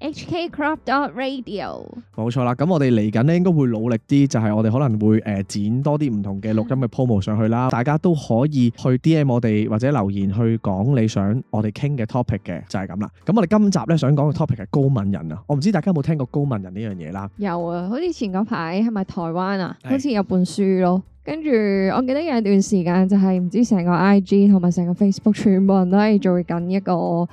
HK Crop Radio 冇錯啦，咁我哋嚟緊咧應該會努力啲，就係、是、我哋可能會誒剪多啲唔同嘅錄音嘅 promo 上去啦， 大家都可以去 DM 我哋或者留言去講你想我哋傾嘅 topic 嘅，就係咁啦。咁我哋今集咧想講嘅 topic 係高敏人啊，我唔知大家有冇聽過高敏人呢樣嘢啦。有啊，好似前嗰排係咪台灣啊，是好似有本書咯。跟住，我記得有一段時間就係唔知成個 IG 同埋成個 Facebook 全部人都係做緊一個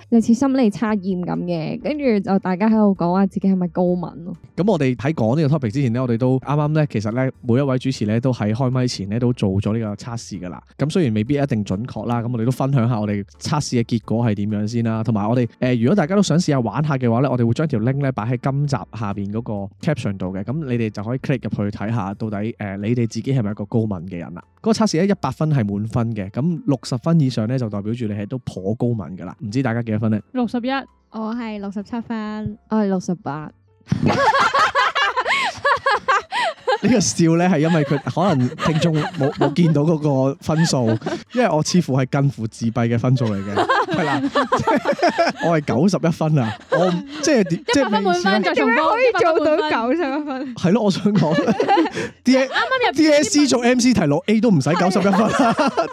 類似心理測驗咁嘅，跟住就大家喺度講話自己係咪高敏咯。咁、嗯、我哋喺講呢個 topic 之前呢，我哋都啱啱咧，其實咧每一位主持咧都喺開咪前咧都做咗呢個測試噶啦。咁雖然未必一定準確啦，咁我哋都分享下我哋測試嘅結果係點樣先啦。同埋我哋誒、呃，如果大家都想試，試玩玩下玩下嘅話咧，我哋會將條 link 咧擺喺今集下邊嗰個 caption 度嘅，咁你哋就可以 click 入去睇下到底誒、呃、你哋自己係咪一個高高敏嘅人啦，嗰個測試咧一百分係滿分嘅，咁六十分以上咧就代表住你係都頗高敏噶啦，唔知大家幾多分咧？六十一，我係六十七分，我係六十八。呢個笑咧係因為佢可能聽眾冇冇見到嗰個分數，因為我似乎係近乎自閉嘅分數嚟嘅，係啦， 我係九十一分啊，我即係即係點，百分滿分仲可以做到九十一分？係咯，我想講啲啱啱入 DSE 做 M C 題攞 A 都唔使九十一分，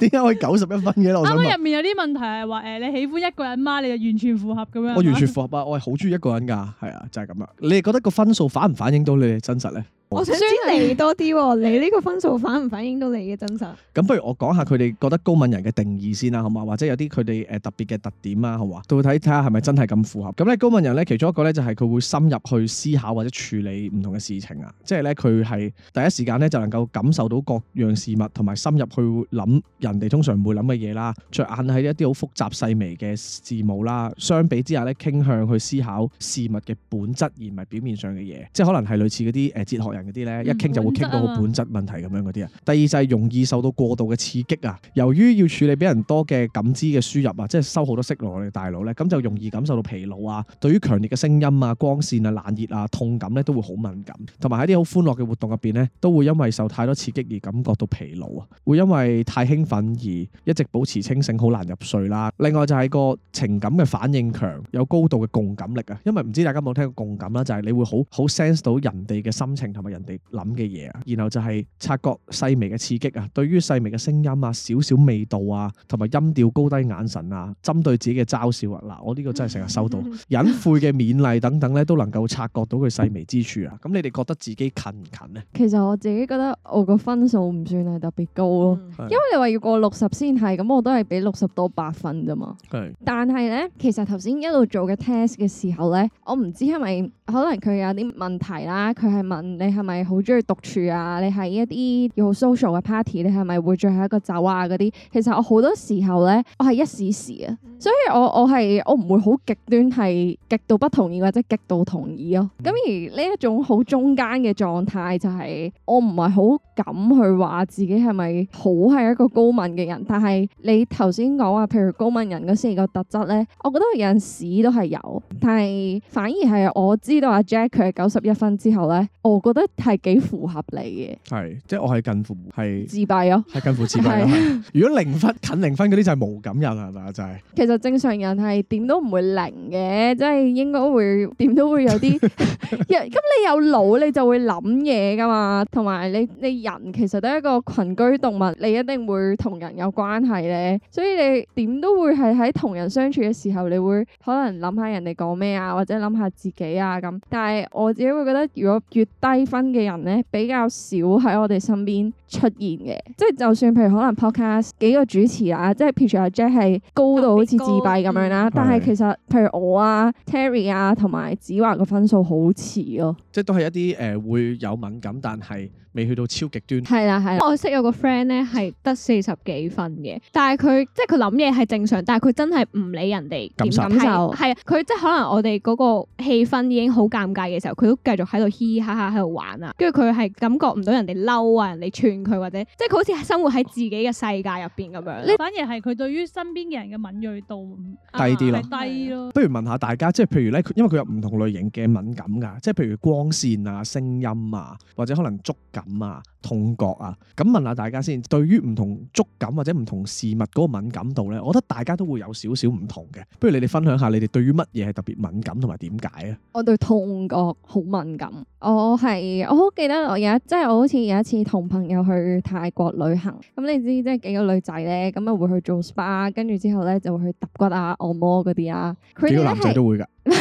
點解可以九十一分嘅？我啱啱入面有啲問題係話誒，你喜歡一個人嗎？你就完全符合咁樣？我完全符合，啊，我係好中意一個人噶，係啊，就係咁啦。你哋覺得個分數反唔反映到你哋真實咧？我想知你多啲，你呢個分數反唔反映到你嘅真實？咁不如我講下佢哋覺得高敏人嘅定義先啦，好嘛？或者有啲佢哋誒特別嘅特點啊，好嘛？到睇睇下係咪真係咁符合？咁咧高敏人咧，其中一個咧就係佢會深入去思考或者處理唔同嘅事情啊，即係咧佢係第一時間咧就能夠感受到各樣事物，同埋深入去諗人哋通常唔會諗嘅嘢啦，着眼喺一啲好複雜細微嘅事物啦。相比之下咧，傾向去思考事物嘅本質而唔係表面上嘅嘢，即係可能係類似嗰啲誒哲學人。啲咧、啊、一傾就會傾到好本質問題咁樣嗰啲啊。第二就係容易受到過度嘅刺激啊。由於要處理比人多嘅感知嘅輸入啊，即係收好多息落我哋大腦咧，咁就容易感受到疲勞啊。對於強烈嘅聲音啊、光線啊、冷熱啊、痛感咧，都會好敏感。同埋喺啲好歡樂嘅活動入邊咧，都會因為受太多刺激而感覺到疲勞啊。會因為太興奮而一直保持清醒，好難入睡啦、啊。另外就係個情感嘅反應強，有高度嘅共感力啊。因為唔知大家有冇聽過共感啦，就係、是、你會好好 sense 到人哋嘅心情同埋。人哋諗嘅嘢啊，然後就係察覺細微嘅刺激啊，對於細微嘅聲音啊、少少味道啊、同埋音調高低、眼神啊，針對自己嘅嘲笑啊，嗱，我呢個真係成日收到隱晦嘅勉勵等等咧，都能夠察覺到佢細微之處啊。咁你哋覺得自己近唔近呢？其實我自己覺得我個分數唔算係特別高咯，嗯、因為你話要過六十先係，咁我都係俾六十到八分啫嘛。係是，但係咧，其實頭先一路做嘅 test 嘅時候咧，我唔知係咪。可能佢有啲問題啦，佢係問你係咪好中意獨處啊？你喺一啲好 social 嘅 party，你係咪會最後一個走啊？嗰啲其實我好多時候咧，我係一時時啊，所以我我係我唔會好極端係極度不同意或者極度同意咯、哦。咁而呢一種好中間嘅狀態就係、是、我唔係好敢去話自己係咪好係一個高敏嘅人。但係你頭先講話，譬如高敏人嗰四個特質咧，我覺得我有陣時都係有，但係反而係我知。知道阿 Jack 佢係九十一分之後咧，我覺得係幾符合你嘅，係即係我係近乎係自閉咯，係近乎自閉。 是如果零分近零分嗰啲就係冇感人係咪啊？就係、是、其實正常人係點都唔會零嘅，即、就、係、是、應該會點都會有啲咁 你有腦，你就會諗嘢㗎嘛，同埋你你人其實都係一個群居動物，你一定會同人有關係咧，所以你點都會係喺同人相處嘅時候，你會可能諗下人哋講咩啊，或者諗下自己啊。但係我自己會覺得，如果越低分嘅人呢，比較少喺我哋身邊出現嘅，即係就算譬如可能 podcast 幾個主持啊，即係譬如阿 Jack 係高到好似自閉咁樣啦，但係其實譬如我啊、的 Terry 啊同埋子華個分數好遲咯，啊，即係都係一啲誒、呃、會有敏感，但係未去到超極端，係啦係，我識個有個 friend 咧係得四十幾分嘅，但係佢即係佢諗嘢係正常，但係佢真係唔理人哋感受，係啊受，佢即係可能我哋嗰個氣氛已經好尷尬嘅時候，佢都繼續喺度嘻嘻哈哈喺度玩啊，跟住佢係感覺唔到人哋嬲啊，人哋串。佢或者即係佢好似生活喺自己嘅世界入邊咁樣，你反而係佢對於身邊嘅人嘅敏銳度低啲咯，啊、低咯。的不如問下大家，即係譬如咧，因為佢有唔同類型嘅敏感噶，即係譬如光線啊、聲音啊，或者可能觸感啊。痛覺啊，咁問下大家先，對於唔同觸感或者唔同事物嗰個敏感度咧，我覺得大家都會有少少唔同嘅，不如你哋分享下你哋對於乜嘢係特別敏感同埋點解啊？我對痛覺好敏感，我係我好記得我有一，即係我好似有一次同朋友去泰國旅行，咁你知即係幾個女仔咧，咁啊會去做 spa，跟住之後咧就會去揼骨啊、按摩嗰啲啊，幾個男仔都會噶。咁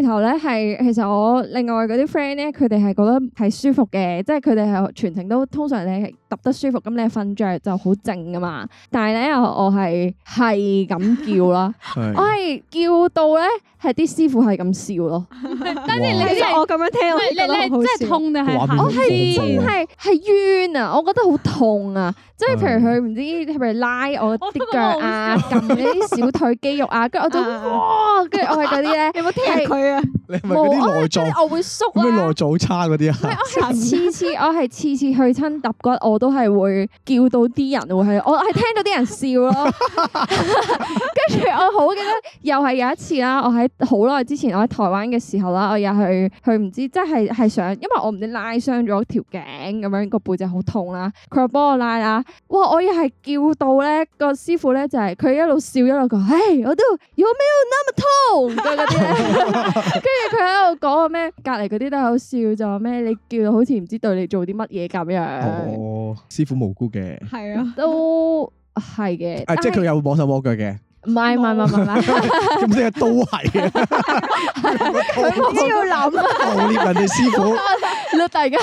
然後咧，係其實我另外嗰啲 friend 咧，佢哋係覺得係舒服嘅，即係佢哋係全程都通常你揼得舒服，咁你瞓着就好靜噶嘛。但係咧，我我係係咁叫啦，我係叫到咧係啲師傅係咁笑咯。跟住你係哇我咁樣聽，我覺得好笑。即係痛定係我係係係冤啊！我覺得好痛啊！即係譬如佢唔知係咪拉我啲腳啊，撳一啲小腿肌肉啊。跟住我就哇，跟住我係嗰啲咧，你有冇聽、佢啊？是你係咪嗰啲內臟？我，我會縮啊！咩內臟差嗰啲啊？我係次次， 我係次次去親揼骨，我都係會叫到啲人會係，我係聽到啲人笑咯。跟住 我好記得，又係有一次啦，我喺好耐之前，我喺台灣嘅時候啦，我又去去唔知，即係係想，因為我唔知拉傷咗條頸咁樣，個背脊好痛啦。佢又幫我拉啦，哇！我又係叫到咧，個師傅咧就係、是、佢一路笑一路講，唉、hey，我都～有冇有那麼痛？咁嗰啲，跟住佢喺度講啊咩，隔籬嗰啲都係好笑，就話咩你叫到好似唔知對你做啲乜嘢咁樣。哦，師傅無辜嘅。係啊，都係嘅，啊，即係佢有摸手摸腳嘅，唔係唔係唔係唔係咁即係都係 啊，都要諗啊，盜獵人哋師傅，大家。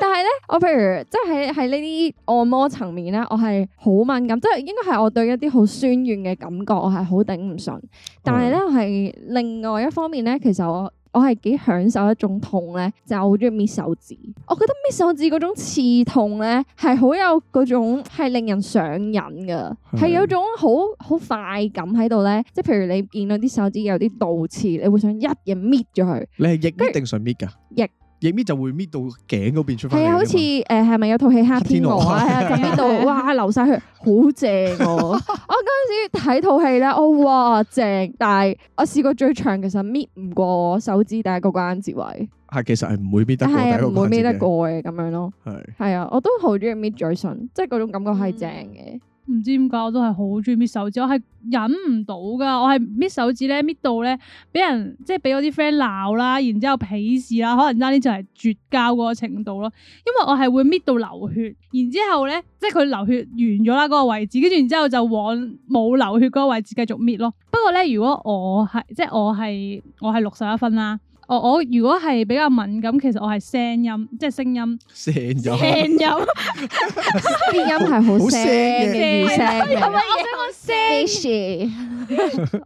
但係咧，我譬如即係喺呢啲按摩層面咧，我係好敏感，即係應該係我對一啲好酸軟嘅感覺，我係好頂唔順。但係咧，係、嗯、另外一方面咧，其實我我係幾享受一種痛咧，就係我好中意搣手指。我覺得搣手指嗰種刺痛咧，係好有嗰種係令人上癮嘅，係、嗯、有種好好快感喺度咧。即係譬如你見到啲手指有啲倒刺，你會想一嘢搣咗佢。你係逆定順搣噶？逆。亦搣就會搣到頸嗰邊出翻嚟。係啊，好似誒係咪有套戲《黑天鵝》啊？咁搣到，哇，流晒血，好正喎、啊！ 我嗰陣時睇套戲咧，哦，哇，正，但係我試過最長其實搣唔過手指第一個關節位。係、啊，其實係唔會搣得過，唔、啊、會搣得過嘅咁樣咯。係是，係啊，我都好中意搣嘴唇，即係嗰種感覺係正嘅。嗯唔知點解我都係好中意搣手指，我係忍唔到噶，我係搣手指咧搣到咧俾人即係俾我啲 friend 鬧啦，然之後鄙視啦，可能差啲就係絕交嗰個程度咯。因為我係會搣到流血，然之後咧即係佢流血完咗啦嗰個位置，跟住然之後就往冇流血嗰個位置繼續搣咯。不過咧，如果我係即係我係我係六十一分啦。我我如果係比較敏感，其實我係聲音，即係聲音，聲了善音，聲 音啲音係好聲嘅，善我想講我，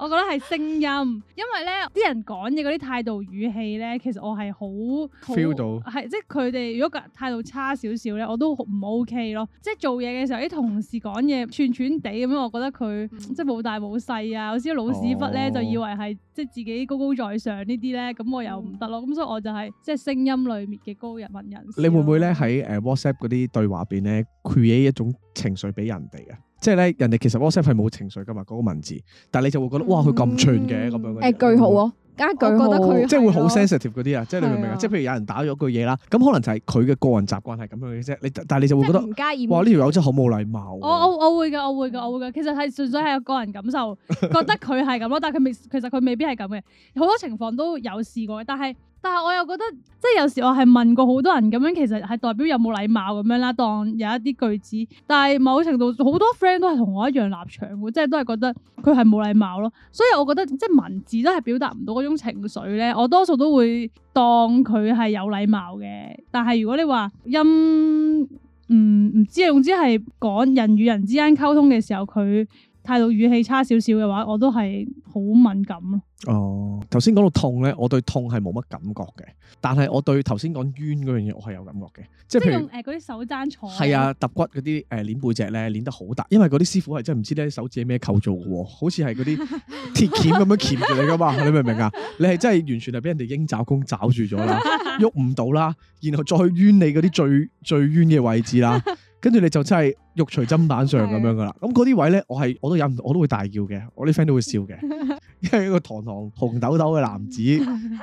我覺得係聲音，因為咧啲人講嘢嗰啲態度語氣咧，其實我係好 feel 到，係即係佢哋如果個態度差少少咧，我都唔 OK 咯。即係做嘢嘅時候啲同事講嘢串串地咁樣，我覺得佢即係冇大冇細啊，有啲、嗯、老屎忽咧就以為係即係自己高高在上呢啲咧，咁我又～就唔得咯，咁、嗯、所以我就係即係聲音裏面嘅高敏感人士。你會唔會咧喺誒 WhatsApp 嗰啲對話邊咧 create 一種情緒俾人哋嘅？即係咧人哋其實 WhatsApp 係冇情緒噶嘛，嗰、嗰個文字，但係你就會覺得、嗯、哇佢咁串嘅咁樣。誒、那個嗯呃、句號咯。嗯加句覺得佢即係會好 sensitive 嗰啲啊！即係你明唔明啊？即係的譬如有人打咗句嘢啦，咁可能就係佢嘅個人習慣係咁樣嘅啫。你但係你就會覺得，哇呢條友真係好冇禮貌啊。我我我會嘅，我會嘅，我會嘅。其實係純粹係個人感受， 覺得佢係咁咯。但係佢未其實佢未必係咁嘅，好多情況都有試過但係。但係我又覺得即係有時我係問過好多人咁樣，其實係代表有冇禮貌咁樣啦。當有一啲句子，但係某程度好多 friend 都係同我一樣立場，即係都係覺得佢係冇禮貌咯。所以我覺得即係文字都係表達唔到嗰種情緒咧。我多數都會當佢係有禮貌嘅，但係如果你話音唔唔知啊，總之係講人與人之間溝通嘅時候佢。態度語氣差少少嘅話，我都係好敏感咯。哦、呃，頭先講到痛咧，我對痛係冇乜感覺嘅，但係我對頭先講冤嗰樣嘢，我係有感覺嘅。即係譬如嗰啲、呃、手踭坐係啊，揼骨嗰啲誒捻背脊咧，捻得好大，因為嗰啲師傅係真係唔知咧手指係咩構造嘅喎，好似係嗰啲鐵鉗咁樣鉗住你噶嘛， 你明唔明啊？你係真係完全係俾人哋鷹爪功爪住咗啦，喐唔到啦，然後再去冤你嗰啲最最冤嘅位置啦。 跟住你就真係肉隨砧板上咁樣噶啦，咁嗰啲位咧，我係我都忍，我都會大叫嘅，我啲 friend 都會笑嘅，因為一個堂堂紅豆豆嘅男子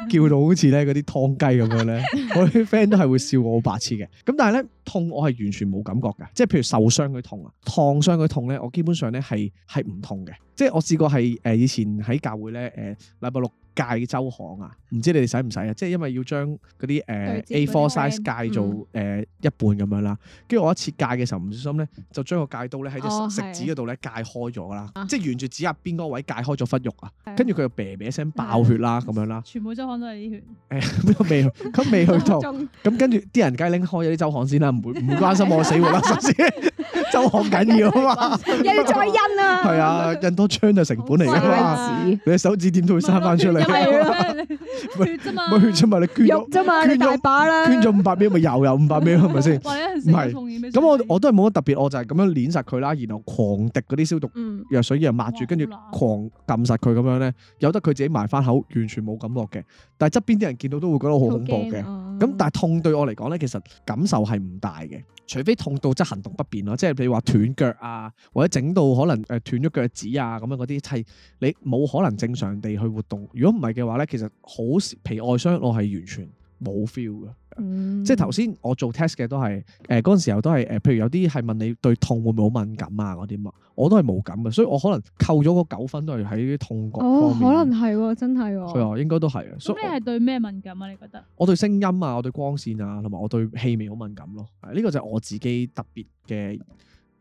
叫到好似咧嗰啲湯雞咁樣咧，我啲 friend 都係會笑我好白痴嘅。咁、嗯、但係咧痛，我係完全冇感覺噶，即係譬如受傷佢痛啊，燙傷佢痛咧，我基本上咧係係唔痛嘅。即係我試過係誒、呃、以前喺教會咧誒禮拜六。戒周行啊，唔知你哋使唔使啊？即係因為要將嗰啲誒 A4 size 戒做誒一半咁樣啦。跟住我一切戒嘅時候唔小心咧，就將個戒刀咧喺隻食指嗰度咧戒開咗啦，即係沿住指入邊嗰位戒開咗忽肉啊。跟住佢就咩咩聲爆血啦咁樣啦。全部周行都係啲血。誒，未去？佢未去到。咁跟住啲人梗係拎開咗啲周行先啦，唔會唔會關心我死活啦，首先周行緊要啊嘛。又要再印啊！係啊，印多張就成本嚟嘅嘛，屎！你手指點都會生翻出嚟。係咯， 血啫嘛，血啫嘛，你捐咗，捐把啦，捐咗五百秒，咪又有五百秒，係咪先？唔係，咁我我都係冇乜特別，我就係咁樣碾實佢啦，然後狂滴嗰啲消毒藥水，然後抹住，跟住狂撳實佢咁樣咧，由得佢自己埋翻口，完全冇感覺嘅。但係側邊啲人見到都會覺得好恐怖嘅。咁、啊、但係痛對我嚟講咧，其實感受係唔大嘅。除非痛到即行動不便咯，即係你話斷腳啊，或者整到可能誒斷咗腳趾啊咁樣，嗰啲係你冇可能正常地去活動。如果唔係嘅話咧，其實好皮外傷我係完全。冇 feel 嘅，fe 嗯、即係頭先我做 test 嘅都係，誒嗰陣時候都係，誒、呃、譬如有啲係問你對痛會唔會好敏感啊嗰啲嘛，我都係冇感嘅，所以我可能扣咗嗰九分都係喺啲痛覺哦，可能係喎、哦，真係喎、哦。係啊，應該都係啊。咁、嗯、你係對咩敏感啊？你覺得？我對聲音啊，我對光線啊，同埋我對氣味好敏感咯。呢、這個就係我自己特別嘅。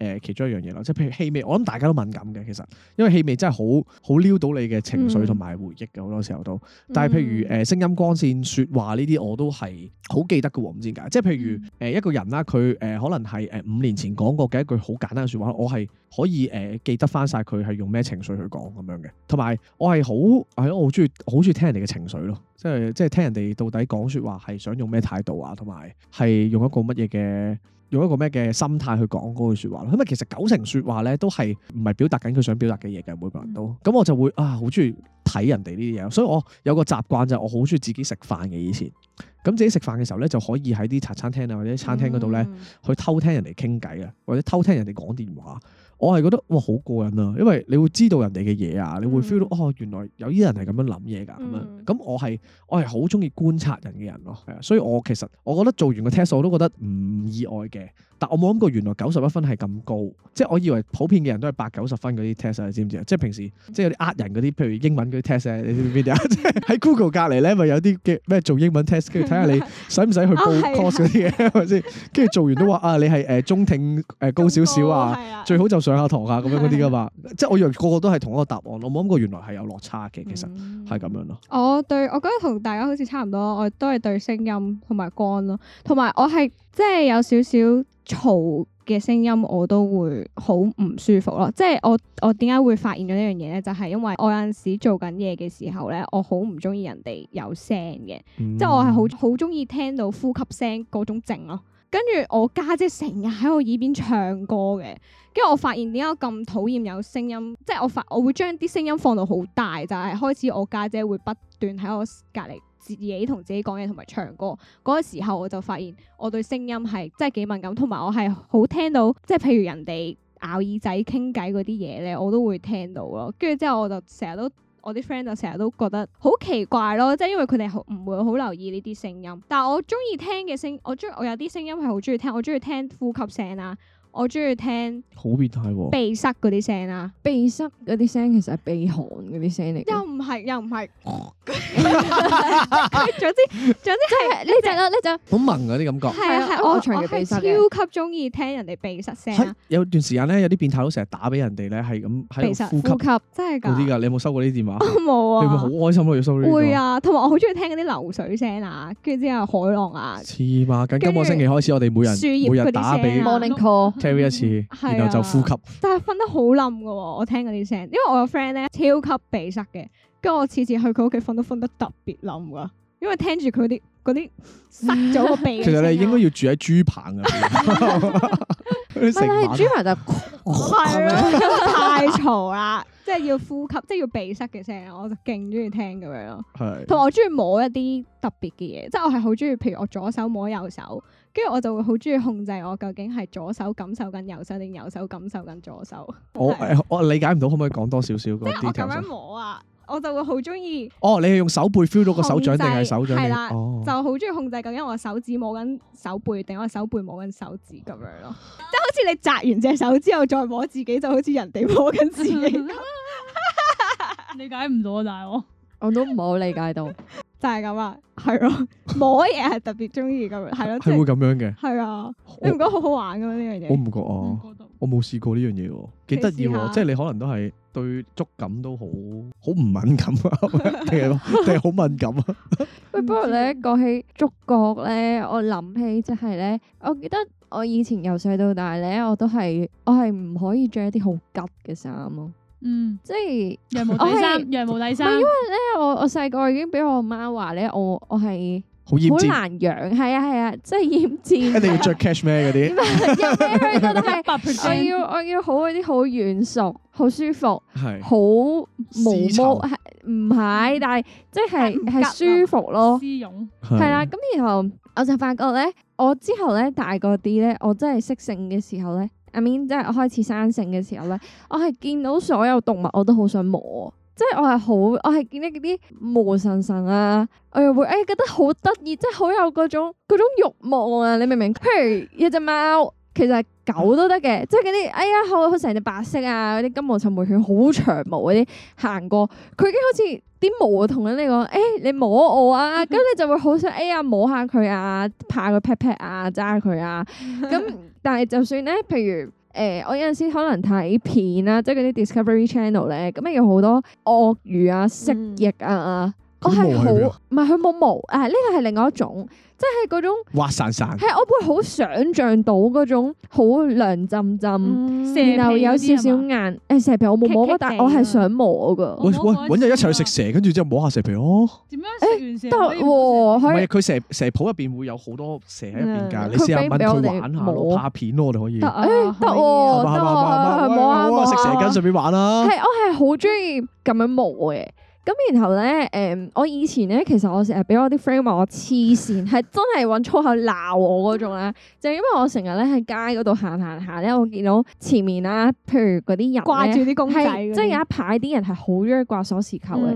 誒其中一樣嘢咯，即係譬如氣味，我諗大家都敏感嘅，其實，因為氣味真係好好撩到你嘅情緒同埋回憶嘅，好、嗯、多時候都。但係譬如誒、嗯呃、聲音、光線、説話呢啲，我都係好記得嘅喎，唔知點解。即係譬如誒、呃、一個人啦，佢誒、呃、可能係誒五年前講過嘅一句好簡單嘅説話，我係可以誒、呃、記得翻晒佢係用咩情緒去講咁樣嘅。同埋我係好係咯，我好中意好中意聽人哋嘅情緒咯，即係即係聽人哋到底講説話係想用咩態度啊，同埋係用一個乜嘢嘅。用一個咩嘅心態去講嗰句説話，因為其實九成説話咧都係唔係表達緊佢想表達嘅嘢嘅，每個人都。咁、嗯、我就會啊，好中意睇人哋呢啲嘢，所以我有個習慣就係我好中意自己食飯嘅以前。咁自己食飯嘅時候咧，就可以喺啲茶餐廳啊或者餐廳嗰度咧去偷聽人哋傾偈啊，嗯、或者偷聽人哋講電話。我係覺得哇，好過癮啊，因為你會知道人哋嘅嘢啊，你會 feel 到、嗯、哦，原來有啲人係咁樣諗嘢㗎咁樣，咁我係我係好鍾意觀察人嘅人咯，係啊，所以我其實我覺得做完個 test 我都覺得唔意外嘅。但我冇諗過，原來九十一分係咁高，即係我以為普遍嘅人都係八九十分嗰啲 test，你知唔知啊？即係平時即係有啲呃人嗰啲，譬如英文嗰啲 test 你知唔知啊？即係喺 Google 隔離咧，咪有啲嘅咩做英文 test，跟住睇下你使唔使去報 course 嗰啲嘢。係咪先？跟是住 做完都話啊，你係誒中挺誒高少少啊，最好就上下堂啊咁樣嗰啲噶嘛。的 即係我以為個個都係同一個答案，我冇諗過原來係有落差嘅，其實係咁樣咯、嗯。我對，我覺得同大家好似差唔多，我都係對聲音同埋光咯，同埋我係。即係有少少嘈嘅聲音，我都會好唔舒服咯。即係我我點解會發現咗呢樣嘢咧？就係因為我有陣時做緊嘢嘅時候咧，我好唔中意人哋有聲嘅。嗯、即係我係好好中意聽到呼吸聲嗰種靜咯。跟住我家姐成日喺我耳邊唱歌嘅，跟住我發現點解我咁討厭有聲音？即係我發我會將啲聲音放到好大，就係開始我家姐會不斷喺我隔離，自己同自己講嘢同埋唱歌嗰個時候，我就發現我對聲音係真係幾敏感，同埋我係好聽到，即係譬如人哋咬耳仔傾偈嗰啲嘢咧，我都會聽到咯。跟住之後我，我就成日都我啲 friend 就成日都覺得好奇怪咯，即係因為佢哋唔會好留意呢啲聲音。但係我中意聽嘅聲，我中意我有啲聲音係好中意聽，我中意聽呼吸聲啊。我中意聽好變態喎，鼻塞嗰啲聲啊。鼻塞嗰啲聲其實係鼻鼾嗰啲聲嚟，又唔係又唔係，總之總之即係呢隻啦呢隻，好萌嗰啲感覺係係我係超級中意聽人哋鼻塞聲，有段時間咧，有啲變態佬成日打俾人哋咧，係咁喺度呼吸，真係噶好啲噶，你有冇收過呢啲電話？冇啊！你會好開心咯，要收呢會啊！同埋我好中意聽嗰啲流水聲啊，跟住之後海浪啊，黐孖筋！今個星期開始，我哋每人每日打俾 Morning Call。c 一次，然後就呼吸。嗯，是啊，但係瞓得好冧嘅喎，我聽嗰啲聲音。因為我有 friend 呢，超級鼻塞嘅，跟住我次次去佢屋企瞓都瞓得特別冧嘅，因為聽住佢啲。嗰啲塞咗個鼻。其實你應該要住喺豬棚啊！嗰啲豬棚就係，囉，太嘈啦，即係要呼吸，即係要鼻塞嘅聲，我就勁中意聽咁樣咯。係。同埋我中意摸一啲特別嘅嘢，即係我係好中意，譬如我左手摸右手，跟住我就會好中意控制我究竟係左手感受緊右手，定右手感受緊左手。我我理解唔到，可唔可以講多少少嗰啲咁樣摸啊？我就會好中意哦，你係用手背 feel 到個手掌定係手掌？係啦，就好中意控制咁，因為我手指摸緊手背，定我手背摸緊手指咁樣咯。即係好似你紮完隻手之後再摸自己，就好似人哋摸緊自己。理解唔到啊，大王！我都唔係好理解到，就係咁啊，係咯，摸嘢係特別中意咁，係咯，係會咁樣嘅。係啊，你唔覺得好好玩咁樣呢樣嘢？我唔覺啊，我冇試過呢樣嘢，幾得意啊！即係你可能都係。對觸感都好好唔敏感啊，定係定係好敏感啊？ 喂，不如你講起觸覺咧，我諗起就係咧，我記得我以前由細到大咧，我都係我係唔可以着一啲好急嘅衫咯。嗯，即係羊毛底衫，羊毛是 底衫，因為咧我我細個已經俾我媽話咧，我我係。好難養，係啊係啊，即係醃尖，一定、啊、And 要着 cashmere 嗰啲？唔係，啲我要我要，我要好嗰啲好軟熟、好舒服、是好毛毛，係唔係？但係即係係臭舒服咯。絲絨係啦。咁、啊、然後我就發覺咧，我之後咧大個啲咧，我真係識性嘅時候咧，I mean 即係我開始生性嘅時候咧，我係見到所有動物我都好想摸。即係我係好，我係見到嗰啲毛神神啊，我又會誒、哎，覺得好得意，即係好有嗰種嗰種欲望啊，你明唔明？譬如一隻貓，其實狗都得嘅，即係嗰啲哎呀，好好成隻白色啊，嗰啲金毛尋回犬，好長毛嗰啲，行過佢已經好似啲毛同緊你講，誒、哎，你摸我啊，咁、嗯、哼你就會好想哎呀摸下佢啊，拍佢 pat pat 啊，揸佢啊，咁但係就算咧，譬如。誒、呃，我有陣時可能睇片啦，即係嗰啲 Discovery Channel 咧，咁誒有好多鱷魚啊、蜥蜴啊，嗯、我係好，唔係佢冇毛，誒呢個係另外一種。即係嗰種滑潺潺，係我會好想象到嗰種好涼浸浸，然後有少少硬。誒，蛇皮我冇摸過，但我係想摸噶。喂喂，搵日一齊去食蛇，跟住之後摸下蛇皮哦，點樣食完唔係佢蛇蛇鋪入邊會有好多蛇喺入邊噶，你試下問佢玩下，拍片咯，我哋可以。得誒，得喎，得喎，摸下摸下摸下食蛇羹順便玩啦。係我係好中意咁樣摸嘅。咁然後咧，誒、嗯，我以前咧，其實我成日俾我啲 friend 話我黐線，係真係揾粗口鬧我嗰種咧，就係、因為我成日咧喺街嗰度行行行咧，我見到前面啊，譬如嗰啲人掛住啲公仔，即係有一排啲人係好中意掛鎖匙扣嘅，佢、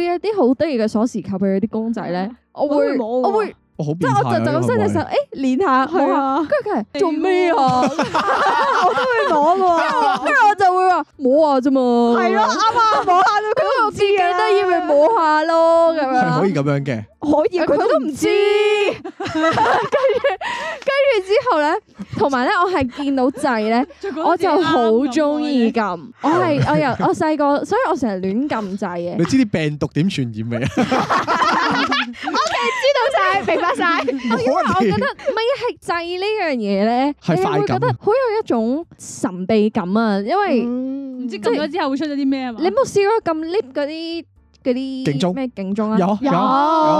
嗯、有啲好得意嘅鎖匙扣，佢有啲公仔咧，我會我會。即係我就就咁伸隻手，誒，練下，去下，跟住佢係做咩啊？我都去攞嘅，跟住我就會話，摸啊，做乜？係咯，啱啊，摸下，佢我自己都要去摸下咯，咁樣可以咁樣嘅，可以，佢都唔知。跟住，跟住之後咧，同埋咧，我係見到掣咧，我就好中意撳，我係我由我細個，所以我成日亂撳掣嘅。你知啲病毒點傳染嘅？O K，知道晒，明白晒。因為我覺得咪係制呢樣嘢咧，你會覺得好有一種神秘感啊。因為唔知撳咗之後會出咗啲咩啊？你冇試過撳 lift 嗰啲啲警鐘咩警鐘啊？有有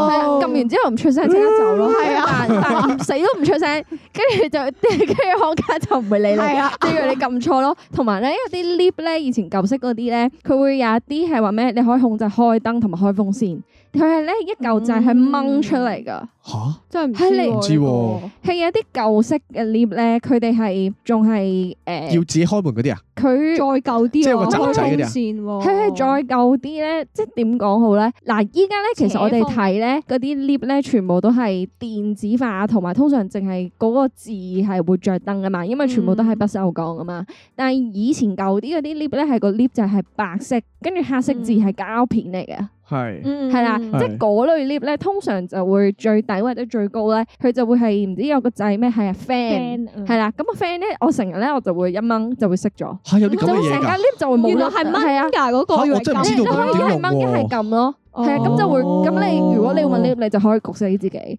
係撳完之後唔出聲，即刻走咯，係啊，但係死都唔出聲，跟住就跟住康家就唔會理你。啊，即以為你撳錯咯，同埋咧有啲 lift 咧以前舊式嗰啲咧，佢會有一啲係話咩？你可以控制開燈同埋開風扇。佢係咧一舊掣係掹出嚟噶，吓、嗯、真係唔知，喎。係、啊、有啲舊式嘅 lift 咧，佢哋係仲係誒，呃、要自己開門嗰啲啊。佢再舊啲，即係個抽仔嗰啲啊。係再舊啲咧，即係點講好咧？嗱，依家咧其實我哋睇咧嗰啲 lift 咧，全部都係電子化，同埋通常淨係嗰個字係會着燈噶嘛，因為全部都係不鏽鋼啊嘛。嗯、但係以前舊啲嗰啲 lift 咧，係個 lift 就係白色。跟住黑色字係膠片嚟嘅，係，嗯，係啦，即係嗰類 lift 咧，通常就會最低或者最高咧，佢就會係唔知有個掣咩，係啊 fan，係啦，咁啊 fan 咧，我成日咧我就會一掹就會熄咗，係有啲咁嘅嘢㗎，成架 lift 就會冇，係掹㗎嗰個，原來係掹一係撳咯。係啊，咁就會咁你如果你要揾貼，你就可以焗死自己。係咁，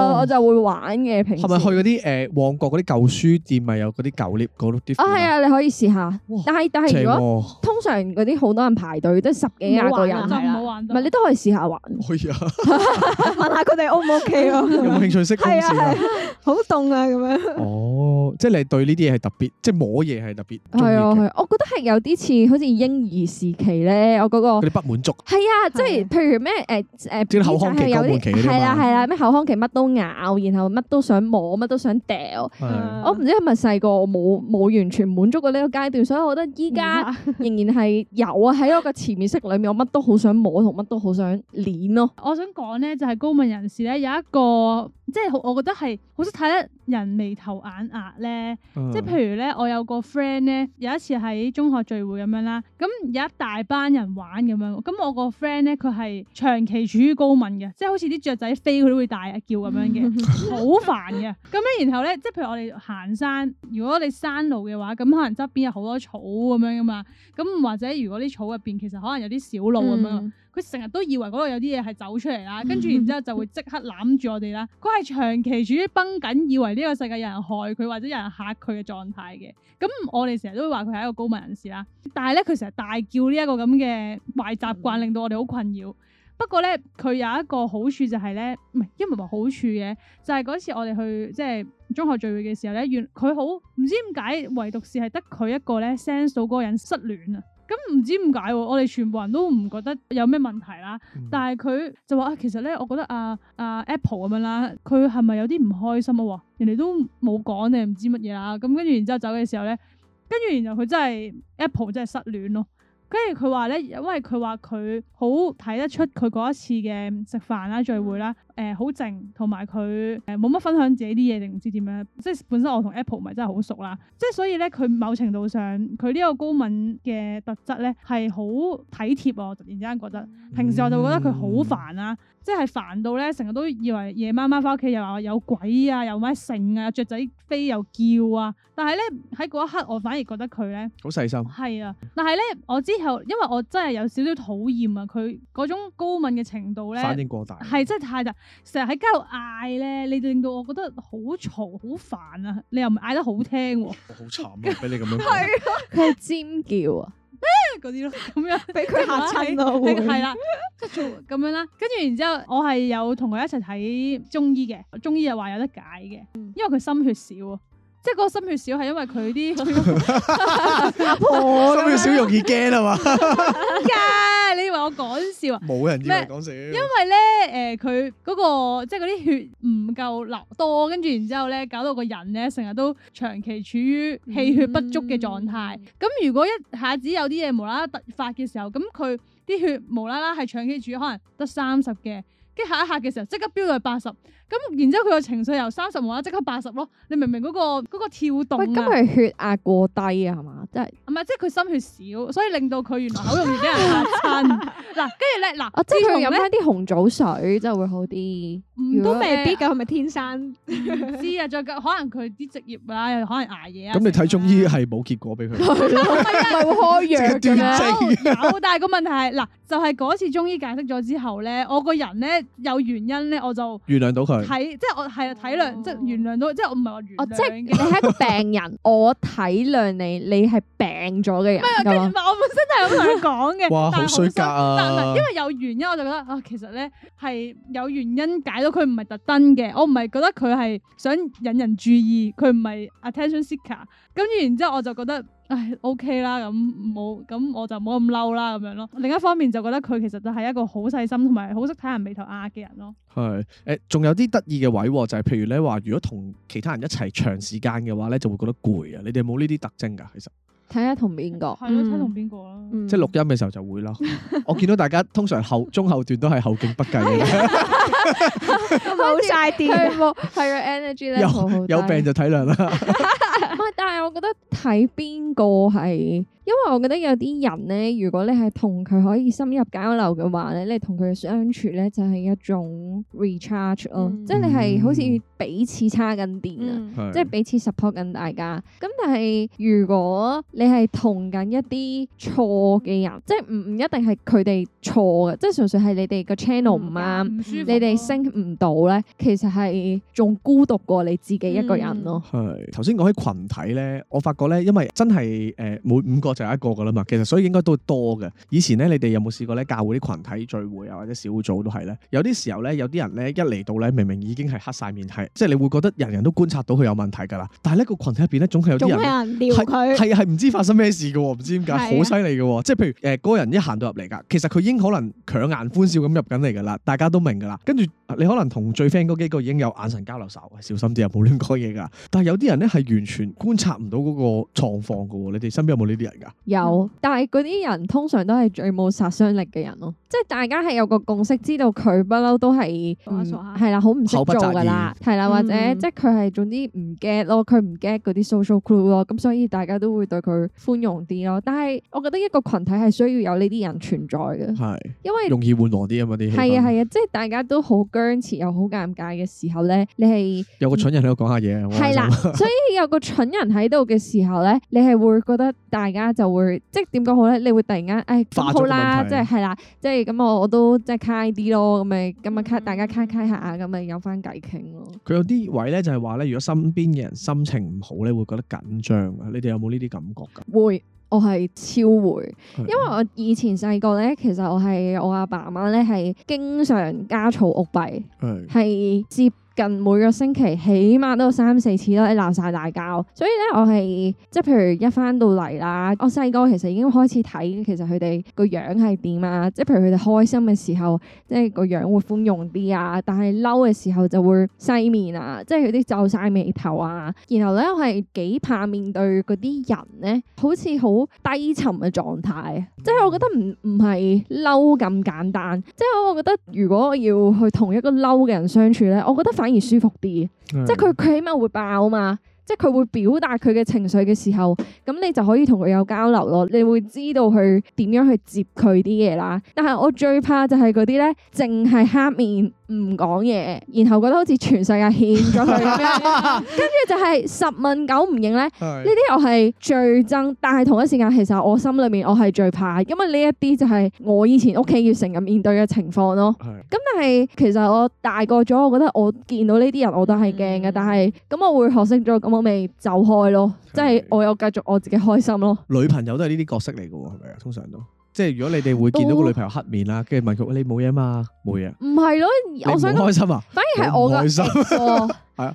我我就會玩嘅平時。係咪去嗰啲誒旺角嗰啲舊書店咪有嗰啲舊貼嗰啲？啊係啊，你可以試下。但係但係如果通常嗰啲好多人排隊，即係十幾廿個人唔好玩。唔係你都可以試下玩。可以啊。問下佢哋 O 唔 O K 咯？有冇興趣識？係啊好凍啊！咁樣。哦，即係你對呢啲嘢係特別，即係摸嘢係特別。係啊係，我覺得係有啲似好似嬰兒時期咧，我嗰個。嗰啲不滿足。係啊。即係譬如咩誒誒，其實係有啲係啦係啦，咩口腔期乜、啊啊啊、都咬，然後乜都想摸，乜都想掉。是啊、我唔知係咪細個，我冇冇完全滿足過呢個階段，所以我覺得依家仍然係有啊喺我嘅潛意識裏面，我乜都好想摸同乜都好想捏咯。 我想講咧，就係高敏人士咧有一個。即係我覺得係好識睇得人眉頭眼額咧，嗯、即係譬如咧，我有個 friend 咧，有一次喺中學聚會咁樣啦，咁有一大班人玩咁樣，咁我個 friend 咧佢係長期處於高敏嘅，即係好似啲雀仔飛佢都會大叫咁樣嘅，好、嗯、 煩嘅。咁咧然後咧，即係譬如我哋行山，如果你山路嘅話，咁可能側邊有好多草咁樣噶嘛，咁或者如果啲草入邊其實可能有啲小路咁樣。嗯佢成日都以為嗰度有啲嘢係走出嚟啦，跟住然之後就會即刻攬住我哋啦。佢係長期處於繃緊，以為呢個世界有人害佢或者有人嚇佢嘅狀態嘅。咁我哋成日都會話佢係一個高敏人士啦。但係咧，佢成日大叫呢一個咁嘅壞習慣，令到我哋好困擾。不過咧，佢有一個好處就係、是、咧，唔係因唔係好處嘅，就係、是、嗰次我哋去即係中學聚會嘅時候咧，原佢好唔知點解，唯獨是係得佢一個咧 sense 到嗰個人失戀啊。咁唔知點解喎，我哋全部人都唔覺得有咩問題啦。嗯、但係佢就話啊，其實咧，我覺得啊啊 Apple 咁樣啦，佢係咪有啲唔開心啊？人哋都冇講定唔知乜嘢啦。咁、嗯、跟住然之後走嘅時候咧，跟住然後佢真係 Apple 真係失戀咯。跟住佢話咧，因為佢話佢好睇得出佢嗰一次嘅食飯啦聚會啦。嗯誒好、呃、靜，同埋佢誒冇乜分享自己啲嘢定唔知點樣，即係本身我同 Apple 咪真係好熟啦，即係所以咧佢某程度上佢呢個高敏嘅特質咧係好體貼啊！突然之間覺得，我突然之間覺得平時我就覺得佢好煩啊，嗯、即係煩到咧成日都以為夜晚晚返屋企又話有鬼啊，又咩蟲啊，雀仔飛又叫啊，但係咧喺嗰一刻我反而覺得佢咧好細心，係啊！但係咧我之後因為我真係有少少討厭啊，佢嗰種高敏嘅程度咧反應過大，係真係太大。成日喺街度嗌咧，你令到我覺得好嘈、好煩啊！你又唔嗌得好聽喎，好慘啊！俾 你咁樣係 啊，佢係尖叫啊嗰啲 咯，咁樣俾佢吓親咯，係啦，即係做咁樣啦。跟住然之後，我係有同佢一齊睇中醫嘅，中醫又話有得解嘅，因為佢心血少啊。即係嗰個心血少係因為佢啲 心血少容易驚啊嘛？點解 你以為我講笑？冇人以為講笑。因為咧，誒佢嗰個即係嗰啲血唔夠流多，跟住然之後咧，搞到個人咧成日都長期處於氣血不足嘅狀態。咁、嗯、如果一下子有啲嘢無啦啦突發嘅時候，咁佢啲血無啦啦係長期處可能得三十嘅，跟下一刻嘅時候即刻飆到去八十。咁然之後佢個情緒由三十冇啦，即刻八十咯。你明明嗰個嗰個跳動，咁係血壓過低啊，係嘛？即係唔係即係佢心血少，所以令到佢原來好容易俾人嚇親。嗱，跟住咧，嗱，我即係佢飲翻啲紅棗水就會好啲，都未必㗎。係咪天生？知啊，再可能佢啲職業啊，又可能捱夜啊。咁你睇中醫係冇結果俾佢，係咪會開藥㗎？有，但係個問題係嗱，就係嗰次中醫解釋咗之後咧，我個人咧有原因咧，我就原諒到佢。體即係我係啊體諒即係原諒到，即係我唔係哇、哦、是我，是我原諒。哦，即係你係一個病人， 我體諒你，你係病。咗嘅人，跟住是吧我本身係咁想講嘅， 哇但係好衰格，但係因為有原因，啊、我就覺得啊，其實咧係有原因解到佢唔係特登嘅，我唔係覺得佢係想引人注意，佢唔係 attention seeker。咁然之後我就覺得，唉，OK 啦，咁冇，咁我就冇咁嬲啦，咁樣咯。另一方面就覺得佢其實就係一個好細心同埋好識睇人眉頭眼額嘅人咯。係，誒、呃，仲有啲得意嘅位喎，就係、是、譬如你話，如果同其他人一齊長時間嘅話咧，就會覺得攰啊。你哋冇呢啲特徵噶？其實？睇下同邊個？係咯，睇同邊個咯。即係錄音嘅時候就會咯。 我見到大家通常後中後段都係後勁不繼嘅，冇晒電。係啊 ，energy 咧有，有病就體諒啦。 但係我覺得睇邊個係。因為我覺得有啲人咧，如果你係同佢可以深入交流嘅話咧，你同佢相處咧就係、是、一種 recharge 咯，嗯、即係你係好似彼此叉緊電啊，即係、嗯、彼此 support 緊大家。咁但係如果你係同緊一啲錯嘅人，嗯、即係唔唔一定係佢哋錯嘅，即係純粹係你哋個 channel 唔啱，嗯嗯啊、你哋 sync 唔到咧，其實係仲孤獨過你自己一個人咯。係頭先講起群體咧，我發覺咧，因為真係誒每五個。就一個㗎啦嘛，其實所以應該都會多嘅。以前咧，你哋有冇試過咧？教會啲群體聚會啊，或者小組都係咧。有啲時候咧，有啲人咧一嚟到咧，明明已經係黑晒面，係即係你會覺得人人都觀察到佢有問題㗎啦。但係呢個群體入邊咧，總係有啲人係係唔知發生咩事嘅喎，唔知點解好犀利嘅喎。即係譬如誒嗰個人一行到入嚟㗎，其實佢已經可能強顏歡笑咁入緊嚟㗎啦，大家都明㗎啦。跟住你可能同最 friend 嗰幾個已經有眼神交流，手，小心啲啊，冇亂講嘢㗎。但係有啲人咧係完全觀察唔到嗰個狀況㗎喎。你哋身邊有冇呢啲人？有，但係嗰啲人通常都係最冇殺傷力嘅人咯，即係大家係有個共識，知道佢、嗯、不嬲都係，係啦，好唔識做噶啦，係啦，或者、嗯、即係佢係，總之唔 get 咯，佢唔 get 啲 social cue 咯，咁所以大家都會對佢寬容啲咯。但係我覺得一個群體係需要有呢啲人存在嘅，係是，因為容易緩和啲啊嘛啲，係啊係啊，即係大家都好僵持又好尷尬嘅時候咧，你係有個蠢人喺度講下嘢，係啦，所以有個蠢人喺度嘅時候咧，你係會覺得大家。就會即係點講好咧？你會突然間誒，唉好、就是、啦，即係係啦，即係咁我我都即係開啲咯，咁咪今日開大家開開下，咁咪有翻偈傾咯。佢有啲位咧，就係話咧，如果身邊嘅人心情唔好咧，你會覺得緊張啊。你哋有冇呢啲感覺噶？會，我係超會，的因為我以前細個咧，其實我係我阿爸阿媽咧係經常家嘈屋閉，係的接。近每個星期起碼都有三四次啦，鬧晒大交。所以咧，我係即係譬如一翻到嚟啦，我細個其實已經開始睇其實佢哋個樣係點啊。即係譬如佢哋開心嘅時候，即係個樣會寬容啲啊。但係嬲嘅時候就會細面啊，即係佢啲皺晒眉頭啊。然後咧，我係幾怕面對嗰啲人咧，好似好低沉嘅狀態。即係我覺得唔唔係嬲咁簡單。即係我覺得如果我要去同一個嬲嘅人相處咧，我覺得反。而舒服啲，嗯、即係佢佢起碼會爆啊嘛。即係佢會表達佢嘅情緒嘅時候，咁你就可以同佢有交流咯。你會知道佢點樣去接佢啲嘢啦。但係我最怕就係嗰啲咧，淨係黑面唔講嘢，然後覺得好似全世界欠咗佢咁樣。跟住 就係、是、十問九唔應咧。呢啲 我係最憎，但係同一時間其實我心裏面我係最怕，因為呢一啲就係我以前屋企要成日面對嘅情況咯。咁 但係其實我大個咗，我覺得我見到呢啲人我都係驚嘅，但係咁我會學識咗咁。我未走開咯，的即係我有繼續我自己開心咯。女朋友都係呢啲角色嚟嘅，係咪啊？通常都即係如果你哋會見到個女朋友黑面啦、啊，跟住我問佢你冇嘢嘛？冇嘢。唔係咯，我想開心啊？反而係我嘅開心，係啊，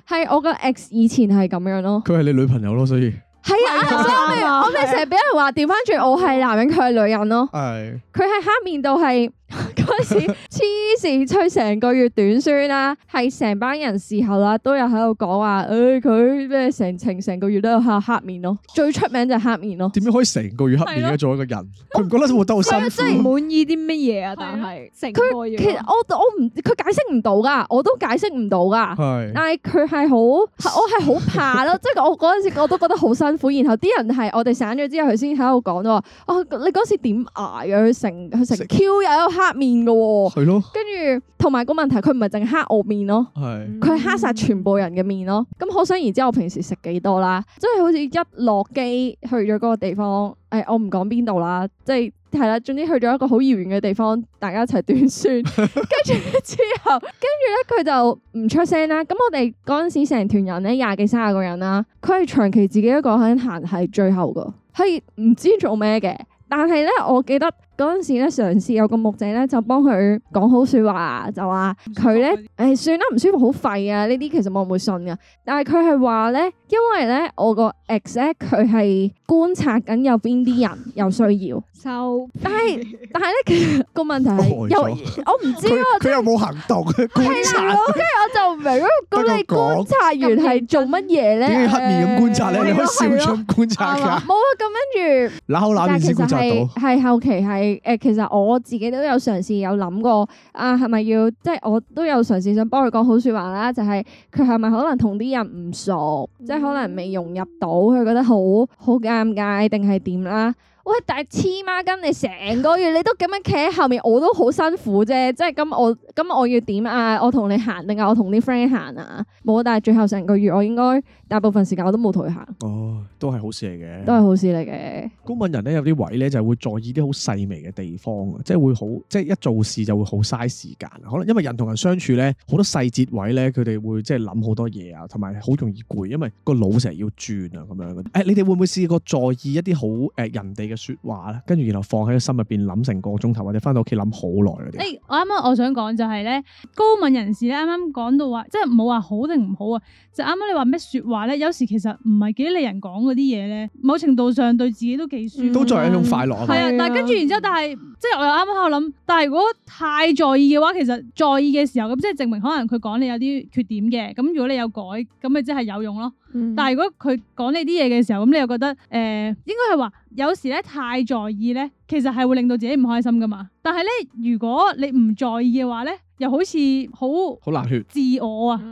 係我嘅 ex 以前係咁樣咯。佢係的你女朋友咯，所以係啊，我咪成日俾人話調翻轉， 的我係男人，佢係女人咯。係佢係黑面到係。嗰陣 時黐線吹成個月短宣啦、啊，係成班人事後啦，都有喺度講話，誒佢咩成程成個月都有黑黑面咯，最出名就係黑面咯。點樣可以成個月黑面嘅、啊、的做一個人？佢唔覺得活得好辛苦？即係滿意啲乜嘢啊？但係成的個月佢，其實我我唔佢解釋唔到㗎，我都解釋唔到㗎。的但係佢係好，我係好怕啦。即係 我嗰陣時我都覺得好辛苦。 然後啲人係我哋散咗之後，佢先喺度講話，哦，你嗰時點捱㗎？佢成佢成 Q 日都黑面面嘅係咯，跟住同埋個問題，佢唔係淨黑我面咯，係佢係黑晒全部人嘅面咯。咁可想而知，我平時食幾多啦，即係好似一落機去咗嗰個地方，誒，我唔講邊度啦，即係係啦，總之去咗一個好遙遠嘅地方，大家一齊斷酸， 跟住之後，跟住咧佢就唔出聲啦。咁我哋嗰陣時成團人咧廿幾卅個人啦，佢係長期自己一個喺行係最後嘅，係唔知做咩嘅，但係咧我記得。嗰陣時咧，嘗試有個木仔咧，就幫佢講好説話，就話佢咧，誒算啦，唔舒服，好廢啊！呢啲其實我唔會信噶。但係佢係話咧，因為咧我個 ex 咧，佢係觀察緊有邊啲人有需要收。但係但係咧，其實個問題係，我唔知佢佢有冇行動觀察，跟住我就唔明咁你觀察完係做乜嘢咧？點解黑面咁觀察咧？你可以笑出觀察㗎。冇啊，咁跟住嗱嗱面先觀察到，係後期係。誒，其實我自己都有嘗試有諗過，啊，係咪要，即係我都有嘗試想幫佢講好説話啦，就係佢係咪可能同啲人唔熟，嗯、即係可能未融入到，佢覺得好好尷尬，定係點啦？喂，但係黐孖筋，你成個月你都咁樣企喺後面，我都好辛苦啫。即係咁，我咁我要點啊？我同你行定係我同啲 friend 行啊？冇，但係最後成個月我應該大部分時間我都冇同佢行。哦，都係好事嚟嘅，都係好事嚟嘅。高敏人咧有啲位咧就係會在意啲好細微嘅地方，即係會好，即係一做事就會好嘥時間。可能因為人同人相處咧，好多細節位咧，佢哋會即係諗好多嘢啊，同埋好容易攰，因為個腦成日要轉啊咁樣嗰啲。誒，你哋會唔會試過在意一啲好誒人哋嘅？說話啦，跟住然後放喺個心入邊諗成個鐘頭，或者翻到屋企諗好耐啲。誒、欸，我啱啱我想講就係、是、咧，高敏人士咧，啱啱講到話，即係冇話好定唔好啊。就啱、是、啱你話咩說話咧，有時其實唔係幾理人講嗰啲嘢咧，某程度上對自己都幾舒，都仲有一種快樂係啊，啊但係跟住然之後，但係即係我又啱啱喺度諗，但係如果太在意嘅話，其實在意嘅時候咁，即係證明可能佢講你有啲缺點嘅。咁如果你有改，咁咪即係有用咯。嗯、但係如果佢講呢啲嘢嘅時候，咁你又覺得誒、呃，應該係話有時咧太在意咧，其實係會令到自己唔開心噶嘛。但係咧，如果你唔在意嘅話咧，又好似好好冷血，嗯、自我啊，